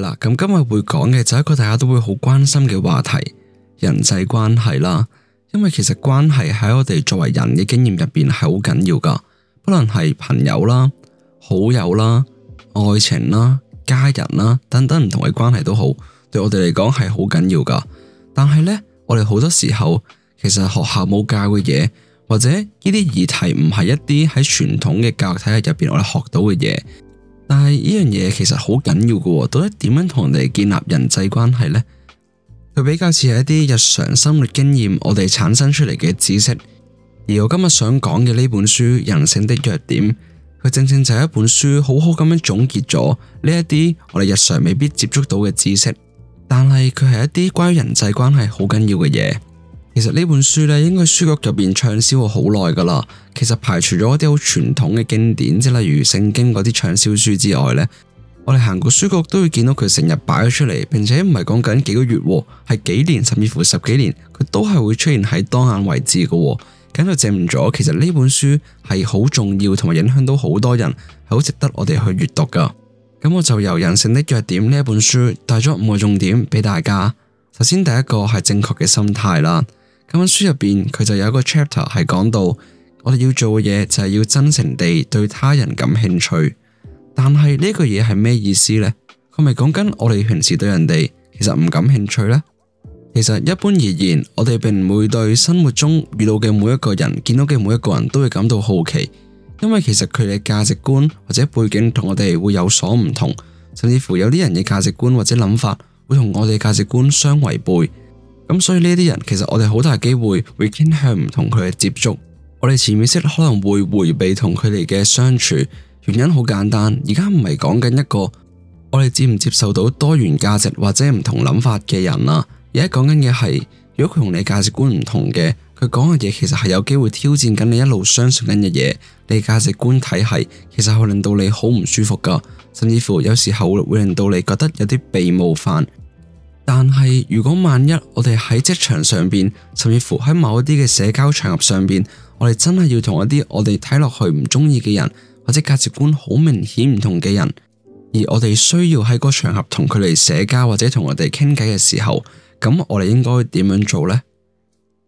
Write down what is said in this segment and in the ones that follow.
嗱，咁今日會講嘅就係一個大家都會好關心嘅話題，人際關係啦。因為其實關係喺我哋作為人嘅經驗入邊係好緊要噶，不論係朋友啦、好友啦、愛情啦、家人啦等等唔同嘅關係都好，對我哋嚟講係好緊要噶。但係呢，我哋好多時候其實學校冇教嘅嘢，或者呢啲議題唔係一啲喺傳統嘅教育體系入邊我哋學到嘅嘢。但係呢樣嘢其實好緊要嘅，到底點樣同人哋建立人際關係呢？佢比較似係一啲日常生活經驗，我哋產生出嚟嘅知識。而我今日想講嘅呢本書《人性的弱點》，佢正正就係一本書，好好咁樣總結咗呢一啲我哋日常未必接觸到嘅知識。但係佢係一啲關於人際關係好緊要嘅嘢。其實呢本書咧，應該書局入邊暢銷好耐噶啦。其實排除咗一啲好傳統嘅經典，即例如聖經嗰啲暢銷書之外呢，我哋行過書局都會見到佢成日擺咗出嚟，並且唔係講緊幾個月，係幾年甚至乎十幾年，佢都係會出現喺當眼位置噶。咁就證明咗，其實呢本書係好重要同埋影響到好多人，係好值得我哋去閱讀噶。咁我就由人性的弱點呢一本書帶咗五個重點俾大家。首先第一個係正確嘅心態啦。咁喺書入邊，佢就有一個 chapter 係講到，我哋要做嘅嘢就係要真誠地對他人感興趣。但係呢句嘢係咩意思呢？佢咪講緊我哋平時對人哋其實唔感興趣咧？其實一般而言，我哋並唔會對生活中遇到嘅每一個人、見到嘅每一個人都會感到好奇，因為其實佢哋價值觀或者背景同我哋會有所唔同，甚至乎有啲人嘅價值觀或者諗法會同我哋價值觀相違背。咁所以呢啲人，其實我哋好大機會會傾向唔同佢嘅接觸，我哋潛意識可能會迴避同佢哋嘅相處，原因好簡單，而家唔係講緊一個我哋接唔接受到多元價值或者唔同諗法嘅人啦，而家講緊嘅係，如果佢同你價值觀唔同嘅，佢講嘅嘢其實係有機會挑戰緊你一路相信緊嘅嘢，你價值觀體系其實係令到你好唔舒服噶，甚至乎有時候會令到你覺得有啲被冒犯。但係，如果萬一我哋喺職場上邊，甚至乎喺某一啲嘅社交場合上邊，我哋真係要同一啲我哋睇落去唔中意嘅人，或者價值觀好明顯唔同嘅人，而我哋需要喺個場合同佢哋社交或者同佢哋傾偈嘅時候，咁我哋應該點樣做呢？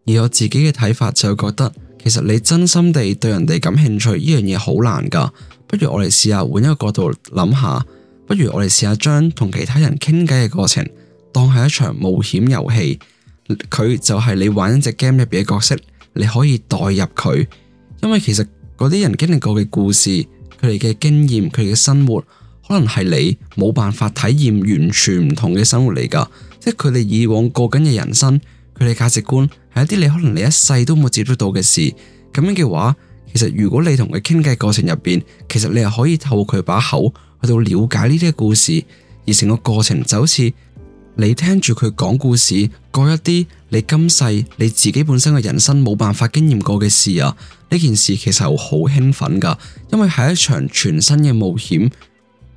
而我自己嘅睇法就覺得，其實你真心地對人哋感興趣呢樣嘢好難㗎。不如我哋試下換一個角度諗下，不如我哋試下將同其他人傾偈嘅過程。當係一場冒險遊戲，佢就係你玩一隻 game 入邊嘅角色，你可以代入佢，因為其實嗰啲人經歷過嘅故事，佢哋嘅經驗，佢哋嘅生活，可能係你冇辦法體驗完全唔同嘅生活嚟噶。即係佢哋以往過緊嘅人生，佢哋價值觀係一啲你可能你一世都冇接觸到嘅事。咁樣嘅話，其實如果你同佢傾偈過程入邊，其實你係可以透過佢把口去到了解呢啲故事，而成個過程就好似，你聽住佢講故事，過一啲你今世你自己本身嘅人生冇辦法經驗過嘅事啊，呢件事其實好興奮噶，因為係一場全新嘅冒險。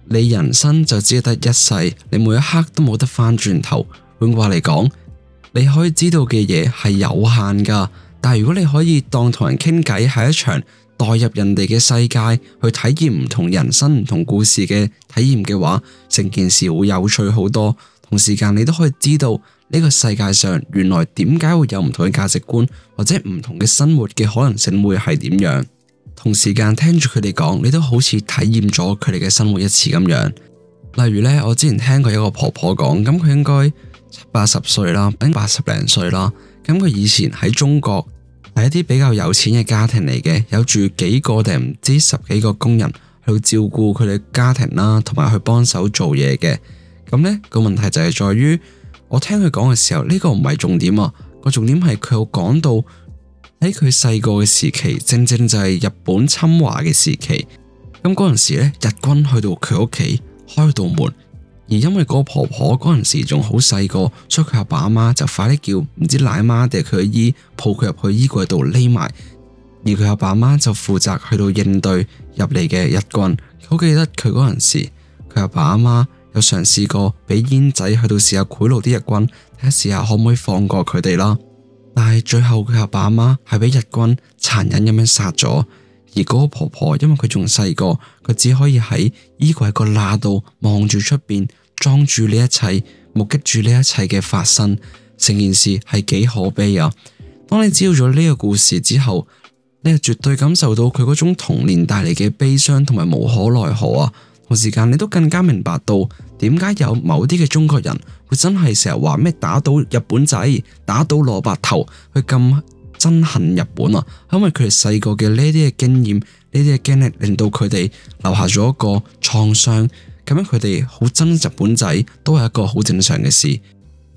你人生就只得一世，你每一刻都冇得翻轉頭。換句話嚟講，你可以知道嘅嘢係有限噶，但係如果你可以當同人傾偈係一場代入人哋嘅世界去體驗唔同人生唔同故事嘅體驗嘅話，成件事會有趣好多。同時間你都可以知道呢個世界上原來點解會有唔同嘅價值觀或者唔同嘅生活嘅可能性會係點樣。同時間聽住佢哋講，你都好似體驗咗佢哋嘅生活一次咁樣。例如呢，我之前聽過一個婆婆講，咁佢應該七八十歲啦，已經八十零歲啦。咁佢以前喺中國係一啲比較有錢嘅家庭嚟嘅，有住幾個定唔知十幾個工人去照顧佢哋家庭啦，同埋去幫手做嘢嘅。咁呢個問題就係在於，我聽佢講嘅時候，呢個唔係重點啊。個重點係佢有講到喺佢細個嘅時期，正正就係日本侵華嘅時期。咁嗰陣時咧，日軍去到佢屋企開道門，而因為個婆婆嗰陣時仲好細個，所以佢阿爸阿媽就快啲叫唔知奶媽定係佢阿姨抱佢入去衣櫃度匿埋，而佢阿爸阿媽就負責去到應對入嚟嘅日軍。好記得佢嗰陣時，佢阿爸阿媽。有嘗試過俾煙仔去到試下賄賂啲日軍，睇下試下可唔可以放過佢哋啦。但係最後佢阿爸阿媽係俾日軍殘忍咁樣殺咗，而嗰個婆婆因為佢仲細個，佢只可以喺衣櫃個罅度望住出邊，裝住呢一切，目擊住呢一切嘅發生。成件事係幾可悲啊！當你知道咗呢個故事之後，你就絕對感受到佢嗰種童年帶嚟嘅悲傷同埋無可奈何啊！同時間，你都更加明白到點解有某啲嘅中國人，佢會真係成日話咩打倒日本仔，打倒蘿蔔頭，去咁憎恨日本啊，因為佢哋細個嘅呢啲嘅經驗，呢啲嘅經歷，令到佢哋留下咗一個創傷，咁樣佢哋好憎日本仔都係一個好正常嘅事。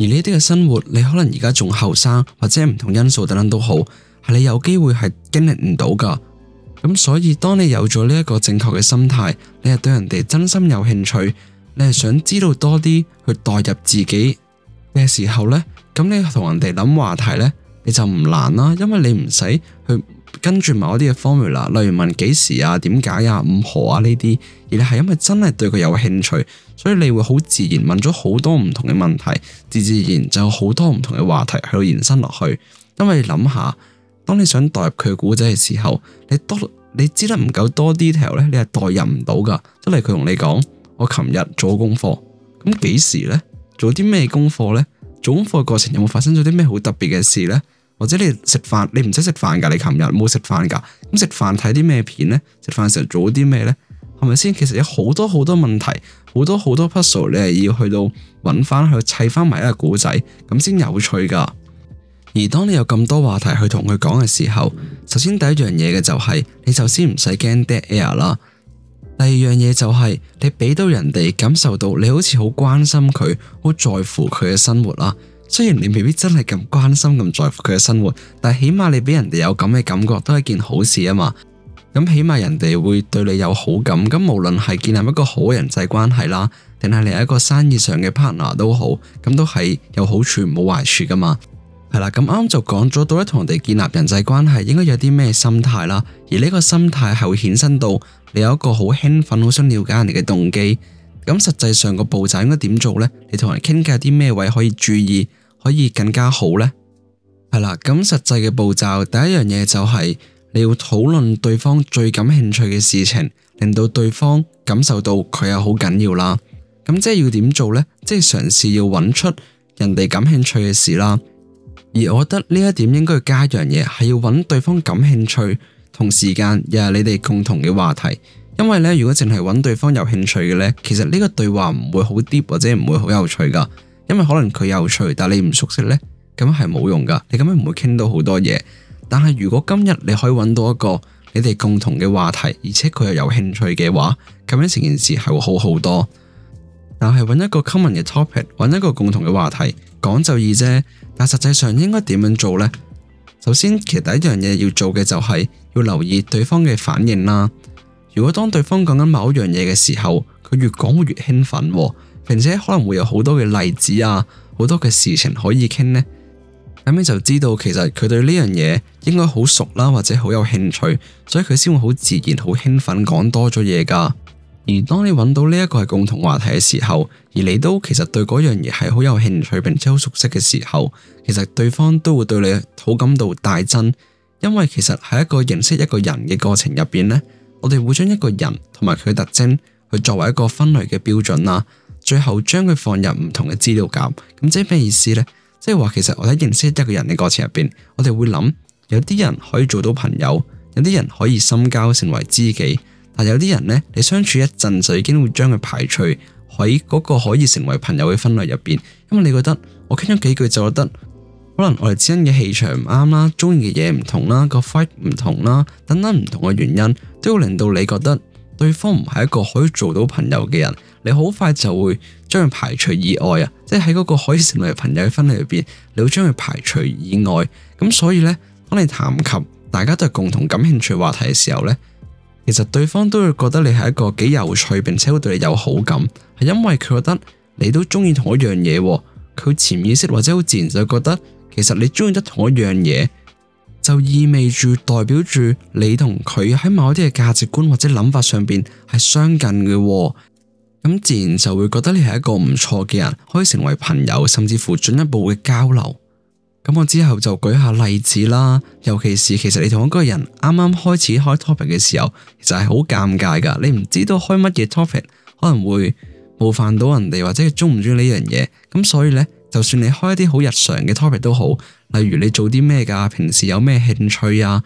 而呢啲嘅生活，你可能而家仲後生，或者唔同因素等等都好，係你有機會係經歷唔到噶。咁所以，當你有咗呢一個正確嘅心態，你係對人哋真心有興趣，你係想知道多啲去代入自己嘅時候呢，咁你同人哋諗話題呢，你就唔難啦，因為你唔使去跟住某一啲嘅 formula，例如問幾時啊、點解啊、五何啊呢啲，而你係因為真係對佢有興趣，所以你會好自然問咗好多唔同嘅問題，自自然就有好多唔同嘅話題去延伸落去，因為你諗下。當你想代入佢嘅故仔嘅時候，你多你知得唔夠多 detail 咧，你係代入唔到噶。即係佢同你講：我琴日做功課，咁幾時咧？做啲咩功課咧？做功課嘅過程有冇發生咗啲咩好特別嘅事咧？或者你食飯，你唔使食飯㗎，你琴日冇食飯㗎。咁食飯睇啲咩片咧？食飯時候做啲咩咧？係咪先？其實有好多好多問題，好多好多 puzzle，你係要去到揾翻去砌翻埋一個故仔，咁先有趣㗎。而當你有咁多話題去同佢講嘅時候，首先第一樣嘢嘅就係你首先唔使驚 dead air 啦。第二樣嘢就係你俾到人哋感受到你好似好關心佢，好在乎佢嘅生活啦。雖然你未必真係咁關心咁在乎佢嘅生活，但起碼你俾人哋有咁嘅感覺都係件好事啊嘛。咁起碼人哋會對你有好感。咁無論係建立一個好人際關係啦，定係你係一個生意上嘅 partner 都好，咁都係有好處冇壞處噶嘛。係啦，咁啱就講咗到底同人哋建立人際關係應該有啲咩心態啦。而呢個心態係會衍生到你有一個好興奮，好想了解人哋嘅動機。咁實際上個步驟應該點做呢？你同人傾偈啲咩位可以注意，可以更加好呢？係啦，咁實際嘅步驟第一樣嘢就係、是、你要討論對方最感興趣嘅事情，令到對方感受到佢係好緊要啦。咁即係要點做呢？即係嘗試要揾出人哋感興趣嘅事啦。而我覺得呢一點應該要加一樣嘢，係要揾對方感興趣同時間，又係你哋共同嘅話題。因為呢，如果淨係揾對方有興趣嘅呢，其實呢個對話唔會好 deep 或者唔會好有趣噶。因為可能佢有趣，但係你唔熟悉呢，咁樣係冇用噶。你咁樣唔會傾到好多嘢。但係如果今日你可以揾到一個你哋共同嘅話題，而且佢又有興趣嘅話，咁樣成件事係會好好多。但係揾一個 common 嘅 topic，揾一個共同嘅話題，講就易啫。但實際上應該點樣做呢？首先，其實第一樣嘢要做嘅就係要留意對方嘅反應啦。如果當對方講緊某樣嘢嘅時候，佢越講會越興奮喎，並且可能會有好多嘅例子啊，好多嘅事情可以傾呢。咁你就知道其實佢對呢樣嘢應該好熟啦，或者好有興趣，所以佢先會好自然、好興奮講多咗嘢噶。而當你揾到呢一個係共同話題嘅時候，而你都其實對嗰樣嘢係好有興趣並且好熟悉嘅時候，其實對方都會對你好感度大增，因為其實喺一個認識一個人嘅過程入邊呢，我哋會將一個人同埋佢嘅特徵去作為一個分類嘅標準啦，最後將佢放入唔同嘅資料夾。咁即係咩意思呢？即係話其實我喺認識一個人嘅過程入邊，我哋會諗有啲人可以做到朋友，有啲人可以深交成為知己。嗱，但有啲人呢，你相處一陣就已經會將佢排除喺嗰個可以成為朋友嘅分類入邊。因為你覺得我傾咗幾句就覺得，可能我哋之間嘅氣場唔啱啦，中意嘅嘢唔同啦，個 fight 唔同啦，等等唔同嘅原因，都要令到你覺得對方唔係一個可以做到朋友嘅人。你好快就會將佢排除以外啊。即係喺嗰個可以成為朋友嘅分類入邊，你會將佢排除以外。咁所以呢，當你談及大家都係共同感興趣話題嘅時候呢，其實對方都會覺得你係一個幾有趣，並且會對你有好感，係因為佢覺得你都中意同一樣嘢，佢潛意識或者好自然就覺得，其實你中意得同一樣嘢，就意味住代表住你同佢喺某啲嘅價值觀或者諗法上面係相近嘅，咁自然就會覺得你係一個唔錯嘅人，可以成為朋友，甚至乎進一步嘅交流。咁我之後就舉下例子啦，尤其是其實你同嗰個人啱啱開始開 topic 嘅時候，就係好尷尬噶，你唔知道開乜嘢 topic，可能會冒犯到人哋或者鍾唔鍾意呢樣嘢，咁所以呢，就算你開一啲好日常嘅 topic 都好，例如你做啲咩噶？平時有咩興趣啊，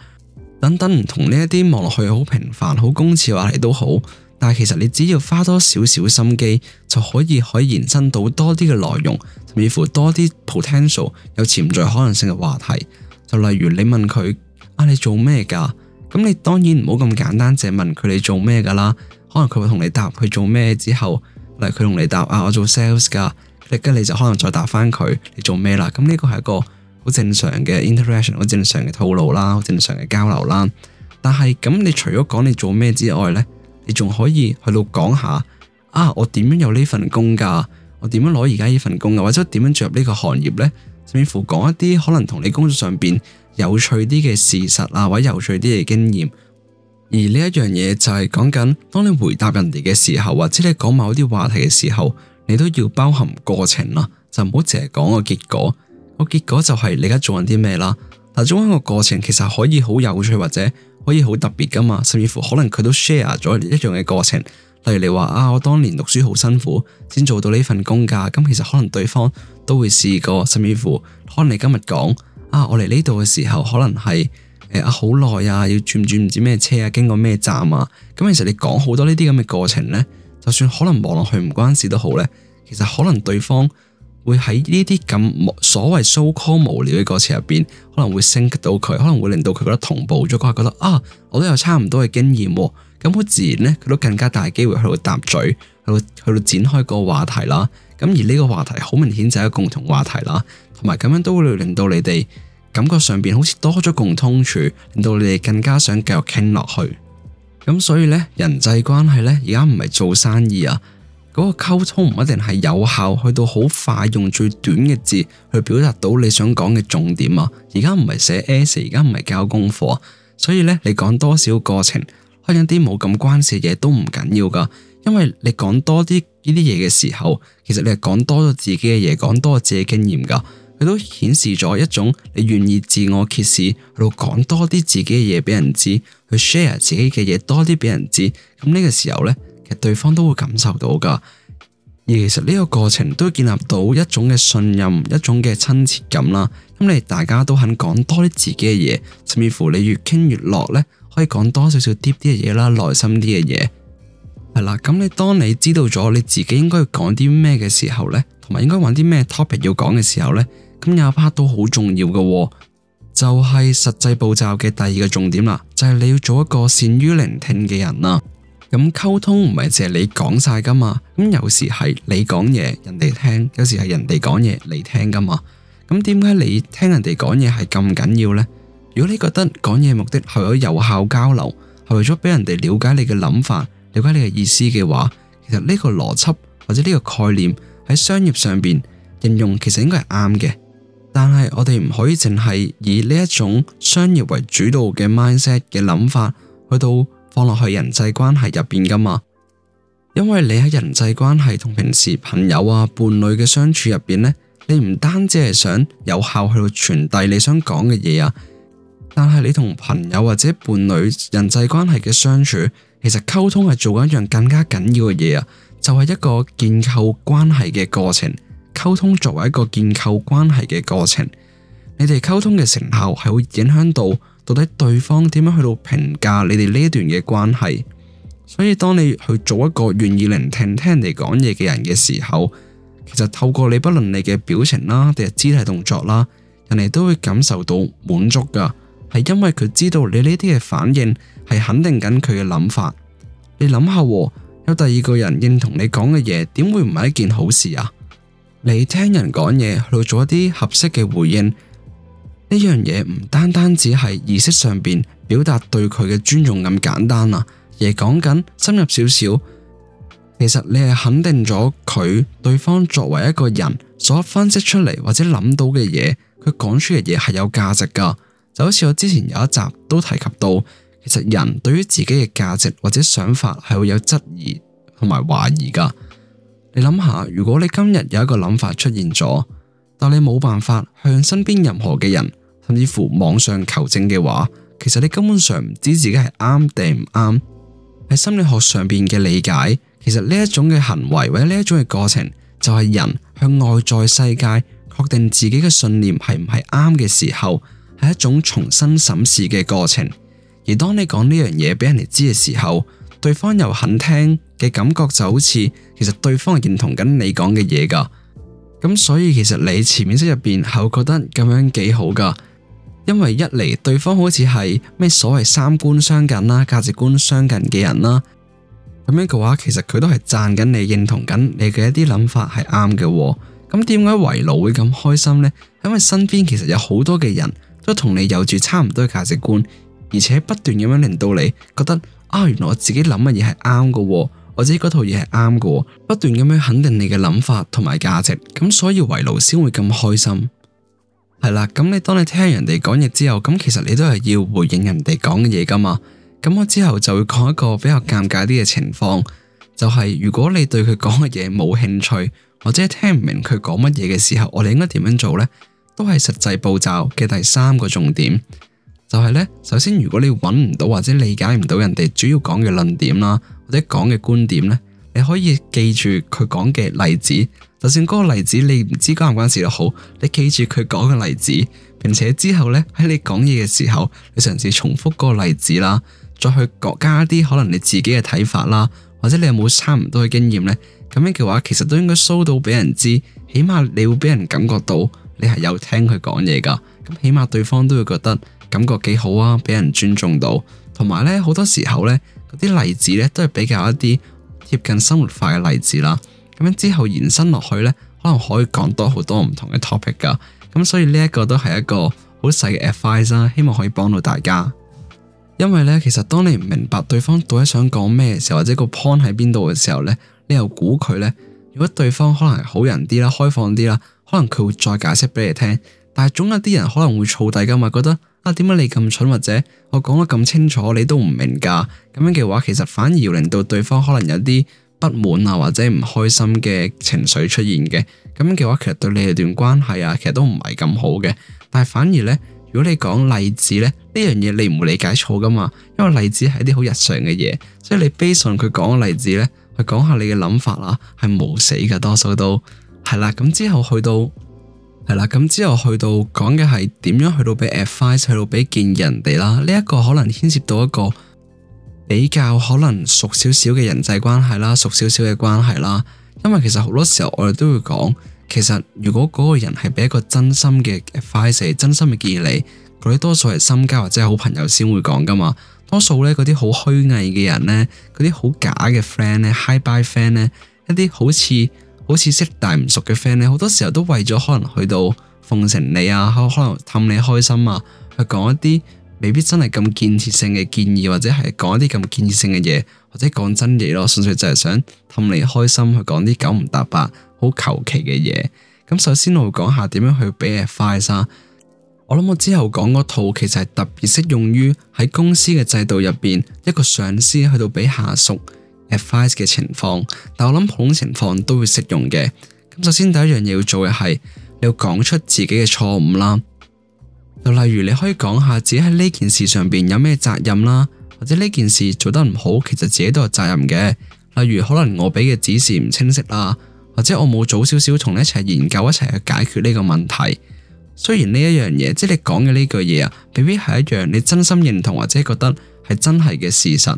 等等，唔同呢一啲望落去好平凡、好公事話題都好，但係其實你只要花多少少心機就可以可以延伸到多啲嘅內容，甚至乎多啲 potential 有潛在可能性嘅話題。就例如你問佢啊，你做咩噶？咁你當然唔好咁簡單淨問佢你做咩噶啦。可能佢會同你答佢做咩之後，例如佢同你答啊，我做 sales 噶。你跟你就可能再答翻佢你做咩啦。咁呢個係一個好正常嘅 interaction，好正常嘅套路啦，好正常嘅交流啦。但係咁你除咗講你做咩之外呢，你仲可以去到講下啊，我點樣有呢份工噶？我點樣攞而家呢份工啊？或者點樣進入呢個行業呢？甚至乎講一啲可能同你工作上邊有趣啲嘅事實啊，或者有趣啲嘅經驗。而呢一樣嘢就係講緊，當你回答人哋嘅時候，或者你講某啲話題嘅時候，你都要包含過程啦，就唔好淨係講個結果。個結果就係你而家做緊啲咩啦。但係中間個過程其實可以好有趣，或者。可以好特別噶嘛，甚至乎可能佢都 share 咗一樣嘅過程，例如你話啊，我當年讀書好辛苦，先做到呢份工噶，咁其實可能對方都會試過，甚至乎可能你今日講啊，我嚟呢度嘅時候可能係誒啊好耐啊，要轉唔轉唔知咩車啊，經過咩站啊，咁其實你講好多呢啲咁嘅過程呢，就算可能望落去唔關事都好呢，其實可能對方.會喺呢啲咁所謂 so called 無聊嘅歌詞入邊，可能會吸引到佢，可能會令到佢覺得同步咗，佢覺得啊，我都有差唔多嘅經驗，哦，咁好自然呢，佢都更加大機會去到搭嘴，去到去到展開個話題啦。咁而呢個話題好明顯就係一個共同話題啦，同埋咁樣都會令到你哋感覺上邊好似多咗共通處，令到你哋更加想繼續傾落去。咁所以呢，人際關係呢，而家唔係做生意啊。嗰個溝通唔一定係有效，去到好快用最短嘅字去表達到你想講嘅重點啊！而家唔係寫 s，而家唔係教功課，所以呢，你講多少個過程，開一啲冇咁關事嘅嘢都唔緊要噶，因為你講多啲呢啲嘢嘅時候，其實你係講多咗自己嘅嘢，講多咗自己經驗噶，佢都顯示咗一種你願意自我揭示，去到講多啲自己嘅嘢俾人知，去 share 自己嘅嘢多啲俾人知，咁呢個時候呢。對方都會感受到噶，而其實呢個過程都建立到一種嘅信任，一種嘅親切感啦。咁你大家都肯講多啲自己嘅嘢，甚至乎你越傾越落呢，可以講多少少 deep 啲嘅嘢啦，內心啲嘅嘢。係啦，咁你當你知道咗你自己應該要講啲咩嘅時候呢，同埋應該揾啲咩 topic 要講嘅時候呢，咁有一 part 都好重要嘅喎，就係實際步驟嘅第二個重點啦，就係你要做一個善於聆聽嘅人啦。咁溝通唔係淨係你講晒噶嘛？咁有時係你講嘢，人哋聽；有時係人哋講嘢，你聽噶嘛？咁點解你聽人哋講嘢係咁緊要呢？如果你覺得講嘢目的係為咗有效交流，係為咗俾人哋了解你嘅諗法、了解你嘅意思嘅話，其實呢個邏輯或者呢個概念喺商業上邊應用其實應該係啱嘅。但係我哋唔可以淨係以呢一種商業為主導嘅 mindset 嘅諗法去到，放落去人際關係入邊噶嘛？因為你喺人際關係同平時朋友啊伴侶嘅相處入邊呢，你唔單止係想有效去到傳遞你想講嘅嘢啊，但係你同朋友或者伴侶人際關係嘅相處，其實溝通係做緊一樣更加緊要嘅嘢啊！就係一個建構關係嘅過程。溝通作為一個建構關係嘅過程，你哋溝通嘅成效係會影響到。到底對方點樣去到評價你哋呢一段嘅關係？所以當你去做一個願意聆聽聽人哋講嘢嘅人嘅時候，其實透過你不論你嘅表情啦，定係肢體動作啦，人哋都會感受到滿足噶。係因為佢知道你呢啲嘅反應係肯定緊佢嘅諗法。你諗下，有第二個人認同你講嘅嘢，點會唔係一件好事啊？你聽人講嘢，去做一啲合適嘅回應。呢樣嘢，唔單單只係意識上邊表達對佢嘅尊重咁簡單呀，而係講緊深入少少，其實你係肯定咗佢對方作為一個人所分析出嚟或者諗到嘅嘢，佢講出嘅嘢係有價值㗎。就好似我之前有一集都提及到，其實人對於自己嘅價值或者想法係會有質疑同埋懷疑㗎。你諗下，如果你今日有一個諗法出現咗，但你冇辦法向身邊任何嘅人。乎網上求證嘅話，其實你根本上唔知自己係啱定唔啱。喺心理學上邊嘅理解，其實呢一種嘅行為或者呢一種嘅過程，就係人向外在世界確定自己嘅信念係唔係啱嘅時候，係一種重新審視嘅過程。而當你講呢樣嘢俾人哋知嘅時候，對方又肯聽嘅感覺，就好似其實對方係認同緊你講嘅嘢噶。咁所以其實你潛意識入邊係會覺得咁樣幾好噶。因為一嚟對方好似係咩所謂三觀相近啦，價值觀相近嘅人啦，咁樣嘅話，其實佢都係讚緊你，認同緊你嘅一啲諗法係啱嘅。咁點解圍爐會咁開心呢？因為身邊其實有好多嘅人都同你有住差唔多嘅價值觀，而且不斷咁樣令到你覺得啊、哦，原來我自己諗嘅嘢係啱嘅，我自己嗰套嘢係啱嘅，不斷咁樣肯定你嘅諗法同埋價值，咁所以圍爐先會咁開心。係啦，咁你當你聽人哋講嘢之後，咁其實你都係要回應人哋講嘅嘢噶嘛。咁我之後就會講一個比較尷尬啲嘅情況，就係如果你對佢講嘅嘢冇興趣，或者係聽唔明佢講乜嘢嘅時候，我哋應該點樣做呢？都係實際步驟嘅第三個重點，就係呢：首先如果你揾唔到或者理解唔到人哋主要講嘅論點啦，或者講嘅觀點呢，你可以記住佢講嘅例子。就算嗰個例子你唔知關唔關事都好，你記住佢講嘅例子，並且之後呢，喺你講嘢嘅時候，你嘗試重複嗰個例子啦，再去加啲可能你自己嘅睇法啦，或者你有冇差唔多嘅經驗呢。咁樣嘅話其實都應該 show 到俾人知，起碼你會俾人感覺到你係有聽佢講嘢噶，咁起碼對方都會覺得感覺幾好啊，俾人尊重到，同埋呢，好多時候呢，嗰啲例子呢，都係比較一啲貼近生活化嘅例子啦。咁樣之後延伸落去呢，可能可以講多好多唔同嘅 topic 噶。咁所以呢一個都係一個好細嘅 advice 啦，希望可以幫到大家。因為呢，其實當你唔明白對方到底想講咩嘅時候，或者個 point 喺邊度嘅時候呢，你又估佢呢。如果對方可能係好人啲啦、開放啲啦，可能佢會再解釋俾你聽。但係總有啲人可能會燥底噶嘛，覺得啊，點解你咁蠢，或者我講得咁清楚，你都唔明㗎。咁樣嘅話，其實反而令到對方可能有啲不滿啊或者唔開心嘅情緒出現嘅，咁嘅話其實對你哋段關係啊，其實都唔係咁好嘅。但係反而呢，如果你講例子咧，呢樣嘢你唔會理解錯噶嘛，因為例子係一啲好日常嘅嘢，即係你 base on 佢講嘅例子呢，係講下你嘅諗法啦，係冇死嘅，多數都係啦。咁之後去到係啦，咁之後去到講嘅係點樣去到俾 advice 去到俾建議人哋啦，呢一個可能牽涉到一個。比較可能熟少少嘅人際關係啦，熟少少嘅關係啦，因為其實好多時候我哋都會講，其實如果嗰個人係俾一個真心嘅 advice，真心嘅建議你，嗰啲多數係深交或者係好朋友先會講噶嘛。多數呢，嗰啲好虛偽嘅人呢，嗰啲好假嘅 friend 呢，hi bye friend 呢，一啲好似好似識但唔熟嘅 friend 呢，好多時候都為咗可能去到奉承你啊，可能氹你開心啊，去講一啲。未必真係咁建設性嘅建議，或者係講一啲咁建設性嘅嘢，或者講真嘢咯。純粹就係想氹你開心，去講啲九唔搭八、好求其嘅嘢。咁首先我會講下點樣去俾 advice 啊。我諗我之後講嗰套其實係特別適用於喺公司嘅制度入邊，一個上司去到俾下屬 advice 嘅情況。但我諗普通情況都會適用嘅。咁首先第一樣嘢要做嘅係，你要講出自己嘅錯誤啦。又例如，你可以講下自己喺呢件事上邊有咩責任啦，或者呢件事做得唔好，其實自己都有責任嘅。例如，可能我俾嘅指示唔清晰啦，或者我冇早少少同你一齊研究一齊去解決呢個問題。雖然呢一樣嘢，即係你講嘅呢句嘢啊，未必係一樣你真心認同或者覺得係真係嘅事實，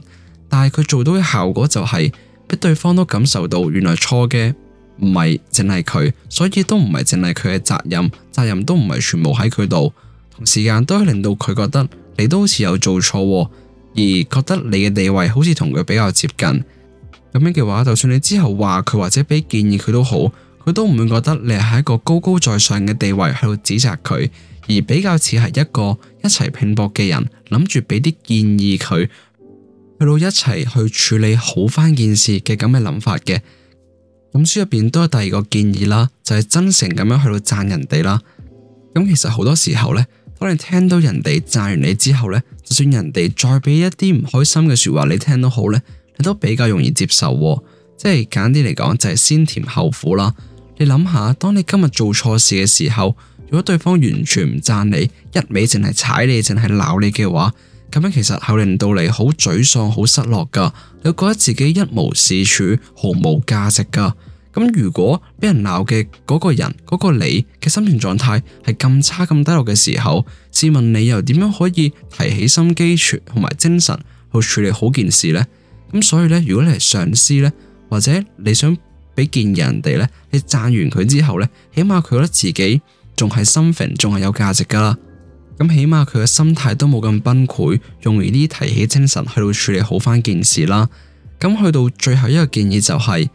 但係佢做到嘅效果就係俾對方都感受到原來錯嘅唔係淨係佢，所以都唔係淨係佢嘅責任，責任都唔係全部喺佢度。同時間都係令到佢覺得你都好似有做錯，而覺得你嘅地位好似同佢比較接近。咁樣嘅話，就算你之後話佢或者俾建議佢都好，佢都唔會覺得你係一個高高在上嘅地位去到指責佢，而比較似係一個一齊拼搏嘅人，諗住俾啲建議佢，去到一齊去處理好翻件事嘅咁嘅諗法嘅。咁書入邊都有第二個建議啦，就係真誠咁樣去到讚人哋啦。咁其實好多時候呢。當你聽到人哋贊完你之後呢，就算人哋再俾一啲唔開心嘅說話你聽都好呢，你都比較容易接受。即係簡啲嚟講就係先甜後苦啦。你諗下，當你今日做錯事嘅時候，如果對方完全唔贊你，一味淨係踩你，淨係鬧你嘅話，咁樣其實係令到你好沮喪、好失落噶，你會覺得自己一無是處、毫無價值噶。咁如果俾人鬧嘅嗰個人嗰個你嘅心情狀態係咁差咁低落嘅時候，試問你又點樣可以提起心機處同埋精神去處理好件事呢？咁所以呢，如果你係上司呢，或者你想俾建議人哋呢，你讚完佢之後呢，起碼佢覺得自己仲係心平，仲係有價值噶啦。咁起碼佢嘅心態都冇咁崩潰，用呢啲提起精神去到處理好翻件事啦。咁去到最後一個建議就係。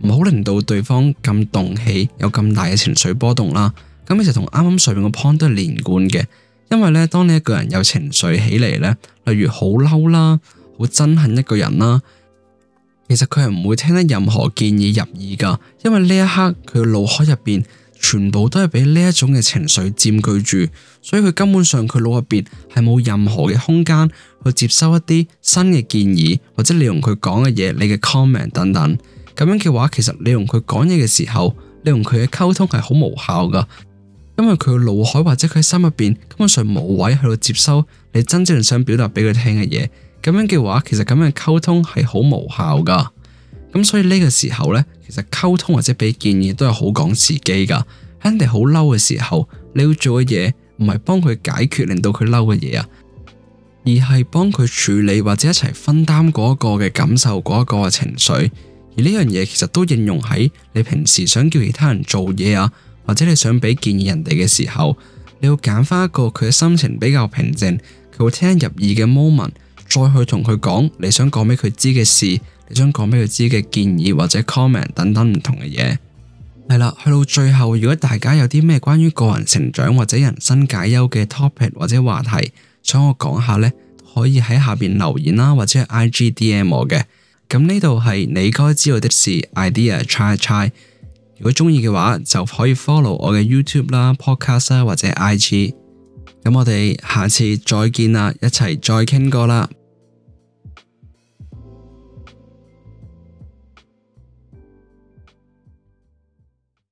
唔好令到對方咁動氣，有咁大嘅情緒波動啦。咁其實同啱啱上面個 point 都係連貫嘅，因為呢，當你一個人有情緒起嚟呢，例如好嬲啦，好憎恨一個人啦，其實佢係唔會聽得任何建議入耳噶，因為呢一刻佢嘅腦海入邊全部都係俾呢一種嘅情緒佔據住，所以佢根本上佢腦入邊係冇任何嘅空間去接收一啲新嘅建議，或者利用佢講嘅嘢，你嘅 comment 等等。咁樣嘅話，其實你同佢講嘢嘅時候，你同佢嘅溝通係好無效噶，因為佢嘅腦海或者佢心入邊根本上冇位去到接收你真正想表達俾佢聽嘅嘢。咁樣嘅話，其實咁樣嘅溝通係好無效噶。咁所以呢個時候呢，其實溝通或者俾建議都係好講自己噶。喺人哋好嬲嘅時候，你要做嘅嘢唔係幫佢解決令到佢嬲嘅嘢啊，而係幫佢處理或者一齊分擔嗰個嘅感受，嗰個嘅情緒。而呢樣嘢其實都應用喺你平時想叫其他人做嘢啊，或者你想俾建議人哋嘅時候，你要揀翻一個佢嘅心情比較平靜，佢會聽入耳嘅 moment，再去同佢講你想講俾佢知嘅事，你想講俾佢知嘅建議或者 comment 等等唔同嘅嘢。係啦，去到最後，如果大家有啲咩關於個人成長或者人生解憂嘅 topic 或者話題，想我講下呢，可以喺下邊留言啦，或者係 IG DM 我嘅。咁呢度係你該知道的事，ideas try1try。如果中意嘅話，就可以 follow 我嘅 YouTube 啦、Podcast 啦或者 IG。咁我哋下次再見啦，一齊再傾過啦。